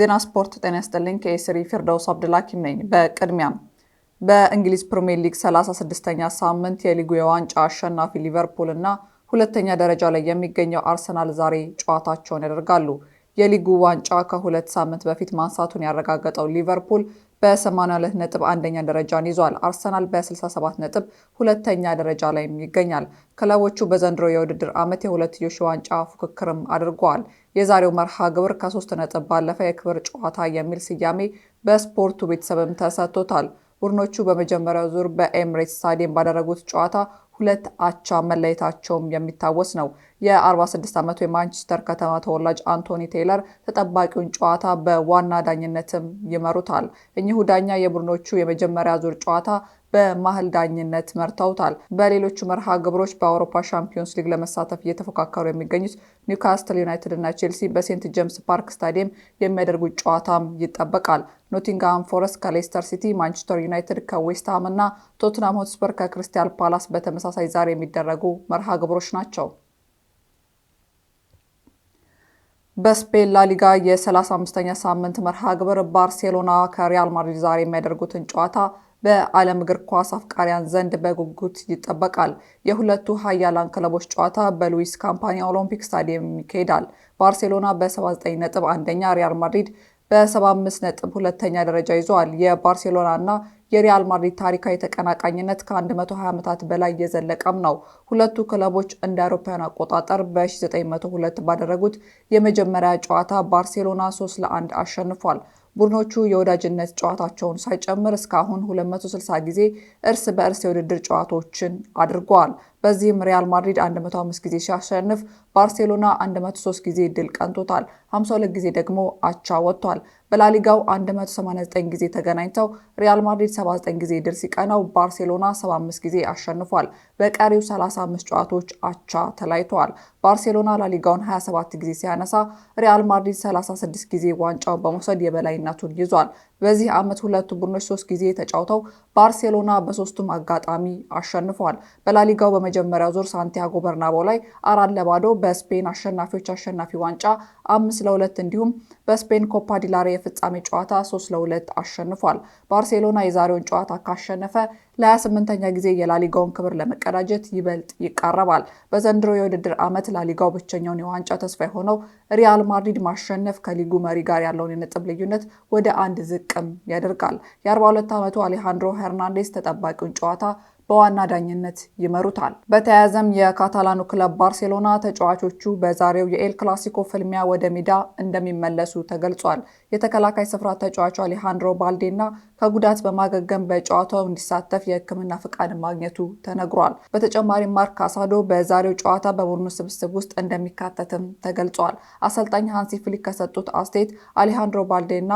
ዜና ስፖርት ጤና ይስጥልኝ። ከኤስሪ ፊርደውስ አብድልሐኪም ነኝ። በቅድሚያም በእንግሊዝ ፕሪምየር ሊግ 36ኛ ሳምንት የሊጉ የዋንጫ አሸናፊ ሊቨርፑል እና ሁለተኛ ደረጃ ላይ የሚገኘው አርሰናል ዛሬ ጨዋታቸውን ያደርጋሉ። የሊጉ ዋንጫ ከሁለት ሳምንት በፊት ማንሳቱን ያረጋገጠው ሊቨርፑል በ82 ነጥብ አንደኛ ደረጃን ይዟል። አርሰናል በ67 ነጥብ ሁለተኛ ደረጃ ላይ ይገኛል። ክለቦቹ በዘንድሮ የውድድር ዓመት የሁለትዮሽ ዋንጫ ፉክክርም አድርገዋል። የዛሬው መርሃ ግብር ከሶስት ነጥብ ባለፈ የክብር ጨዋታ የሚል ስያሜ በስፖርቱ ቤተሰብም ተሰጥቶታል። ቡድኖቹ በመጀመሪያው ዙር በኤምሬት ስታዲየም ባደረጉት ጨዋታ ሁለት አቻ መለየታቸውም የሚታወስ ነው። የ46 ዓመቱ የማንቸስተር ከተማ ተወላጅ አንቶኒ ቴይለር ተጠባቂውን ጨዋታ በዋና ዳኝነትም ይመሩታል። እኚሁ ዳኛ የቡድኖቹ የመጀመሪያ ዙር ጨዋታ በማህል ዳኝነት መርተውታል። በሌሎቹ መርሃ ግብሮች በአውሮፓ ሻምፒዮንስ ሊግ ለመሳተፍ እየተፎካከሩ የሚገኙት ኒውካስትል ዩናይትድ እና ቼልሲ በሴንት ጄምስ ፓርክ ስታዲየም የሚያደርጉት ጨዋታም ይጠበቃል። ኖቲንግሃም ፎረስት ከሌስተር ሲቲ፣ ማንቸስተር ዩናይትድ ከዌስትሃም እና ቶትናም ሆትስፐር ከክሪስታል ፓላስ በተመሳሳይ ዛሬ የሚደረጉ መርሃ ግብሮች ናቸው። በስፔን ላሊጋ የ35ኛ ሳምንት መርሃ ግብር ባርሴሎና ከሪያል ማድሪድ ዛሬ የሚያደርጉትን ጨዋታ በዓለም እግር ኳስ አፍቃሪያን ዘንድ በጉጉት ይጠበቃል። የሁለቱ ሀያላን ክለቦች ጨዋታ በሉዊስ ካምፓኒ ኦሎምፒክ ስታዲየም ይካሄዳል። ባርሴሎና በ79 ነጥብ አንደኛ፣ ሪያል ማድሪድ በ75 ነጥብ ሁለተኛ ደረጃ ይዘዋል። የባርሴሎና እና የሪያል ማድሪድ ታሪካዊ ተቀናቃኝነት ከ120 ዓመታት በላይ እየዘለቀም ነው። ሁለቱ ክለቦች እንደ አውሮፓውያን አቆጣጠር በ1902 ባደረጉት የመጀመሪያ ጨዋታ ባርሴሎና 3 ለ1 አሸንፏል። ቡድኖቹ የወዳጅነት ጨዋታቸውን ሳይጨምር እስካሁን 260 ጊዜ እርስ በእርስ የውድድር ጨዋታዎችን አድርጓል በዚህም ሪያል ማድሪድ 105 ጊዜ ሲያሸንፍ ባርሴሎና 103 ጊዜ ድል ቀንቶታል። 52 ጊዜ ደግሞ አቻ ወጥቷል። በላሊጋው 189 ጊዜ ተገናኝተው ሪያል ማድሪድ 79 ጊዜ ድል ሲቀናው ባርሴሎና 75 ጊዜ አሸንፏል። በቀሪው 35 ጨዋታዎች አቻ ተለያይተዋል። ባርሴሎና ላሊጋውን 27 ጊዜ ሲያነሳ ሪያል ማድሪድ 36 ጊዜ ዋንጫውን በመውሰድ የበላይነቱን ይዟል። በዚህ ዓመት ሁለቱ ቡድኖች ሶስት ጊዜ ተጫውተው ባርሴሎና በሶስቱም አጋጣሚ አሸንፈዋል። በላሊጋው በመጀመሪያው ዙር ሳንቲያጎ በርናቦ ላይ አራት ለባዶ በስፔን አሸናፊዎች አሸናፊ ዋንጫ አምስት ለሁለት እንዲሁም በስፔን ኮፓ ዲላሬ የፍጻሜ ጨዋታ ሶስት ለሁለት አሸንፏል። ባርሴሎና የዛሬውን ጨዋታ ካሸነፈ ለ28ኛ ጊዜ የላሊጋውን ክብር ለመቀዳጀት ይበልጥ ይቃረባል። በዘንድሮ የውድድር ዓመት ላሊጋው ብቸኛውን የዋንጫ ተስፋ የሆነው ሪያል ማድሪድ ማሸነፍ ከሊጉ መሪ ጋር ያለውን የነጥብ ልዩነት ወደ አንድ ዝቅም ያደርጋል። የ42 ዓመቱ አሌሃንድሮ ሄርናንዴስ ተጠባቂውን ጨዋታ በዋና ዳኝነት ይመሩታል። በተያያዘም የካታላኑ ክለብ ባርሴሎና ተጫዋቾቹ በዛሬው የኤል ክላሲኮ ፍልሚያ ወደ ሜዳ እንደሚመለሱ ተገልጿል። የተከላካይ ስፍራ ተጫዋቹ አሌሃንድሮ ባልዴና ከጉዳት በማገገም በጨዋታው እንዲሳተፍ የሕክምና ፍቃድ ማግኘቱ ተነግሯል። በተጨማሪም ማርክ ካሳዶ በዛሬው ጨዋታ በቡድኑ ስብስብ ውስጥ እንደሚካተትም ተገልጿል። አሰልጣኝ ሃንሲ ፍሊክ ከሰጡት አስተያየት አሌሃንድሮ ባልዴና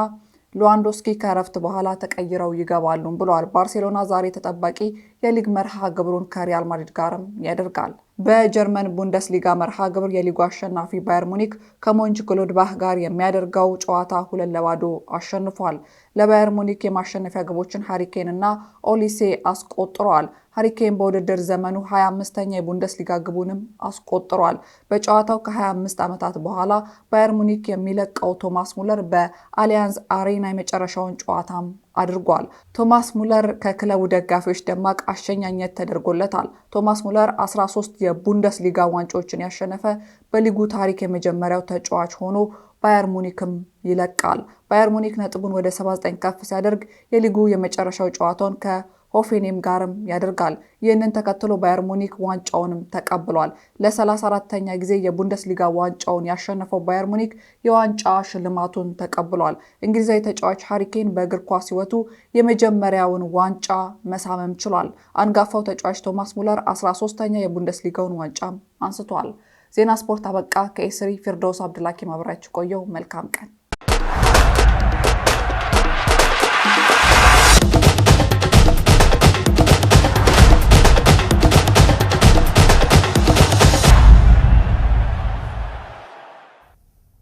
ሉዋንዶስኪ ከእረፍት በኋላ ተቀይረው ይገባሉም ብሏል ባርሴሎና ዛሬ ተጠባቂ የሊግ መርሃ ግብሩን ከሪያል ማድሪድ ጋርም ያደርጋል። በጀርመን ቡንደስሊጋ መርሃ ግብር የሊጉ አሸናፊ ባየር ሙኒክ ከሞንች ግሎድባህ ጋር የሚያደርገው ጨዋታ ሁለት ለባዶ አሸንፏል። ለባየር ሙኒክ የማሸነፊያ ግቦችን ሃሪኬን እና ኦሊሴ አስቆጥረዋል። ሃሪኬን በውድድር ዘመኑ 25ኛ የቡንደስሊጋ ግቡንም አስቆጥሯል። በጨዋታው ከ25 ዓመታት በኋላ ባየር ሙኒክ የሚለቀው ቶማስ ሙለር በአሊያንዝ አሬና የመጨረሻውን ጨዋታም አድርጓል። ቶማስ ሙለር ከክለቡ ደጋፊዎች ደማቅ አሸኛኘት ተደርጎለታል። ቶማስ ሙለር 13 የቡንደስሊጋ ዋንጫዎችን ያሸነፈ በሊጉ ታሪክ የመጀመሪያው ተጫዋች ሆኖ ባየር ሙኒክም ይለቃል። ባየር ሙኒክ ነጥቡን ወደ 79 ከፍ ሲያደርግ የሊጉ የመጨረሻው ጨዋታውን ከ ሆፌኔም ጋርም ያደርጋል። ይህንን ተከትሎ ባየር ሙኒክ ዋንጫውንም ተቀብሏል። ለ34ተኛ ጊዜ የቡንደስሊጋ ዋንጫውን ያሸነፈው ባየር ሙኒክ የዋንጫ ሽልማቱን ተቀብሏል። እንግሊዛዊ ተጫዋች ሃሪኬን በእግር ኳስ ሕይወቱ የመጀመሪያውን ዋንጫ መሳመም ችሏል። አንጋፋው ተጫዋች ቶማስ ሙለር 13ተኛ የቡንደስሊጋውን ዋንጫም አንስቷል። ዜና ስፖርት አበቃ። ከኤስሪ ፊርዶስ አብድላኪ ማብራችሁ ቆየው። መልካም ቀን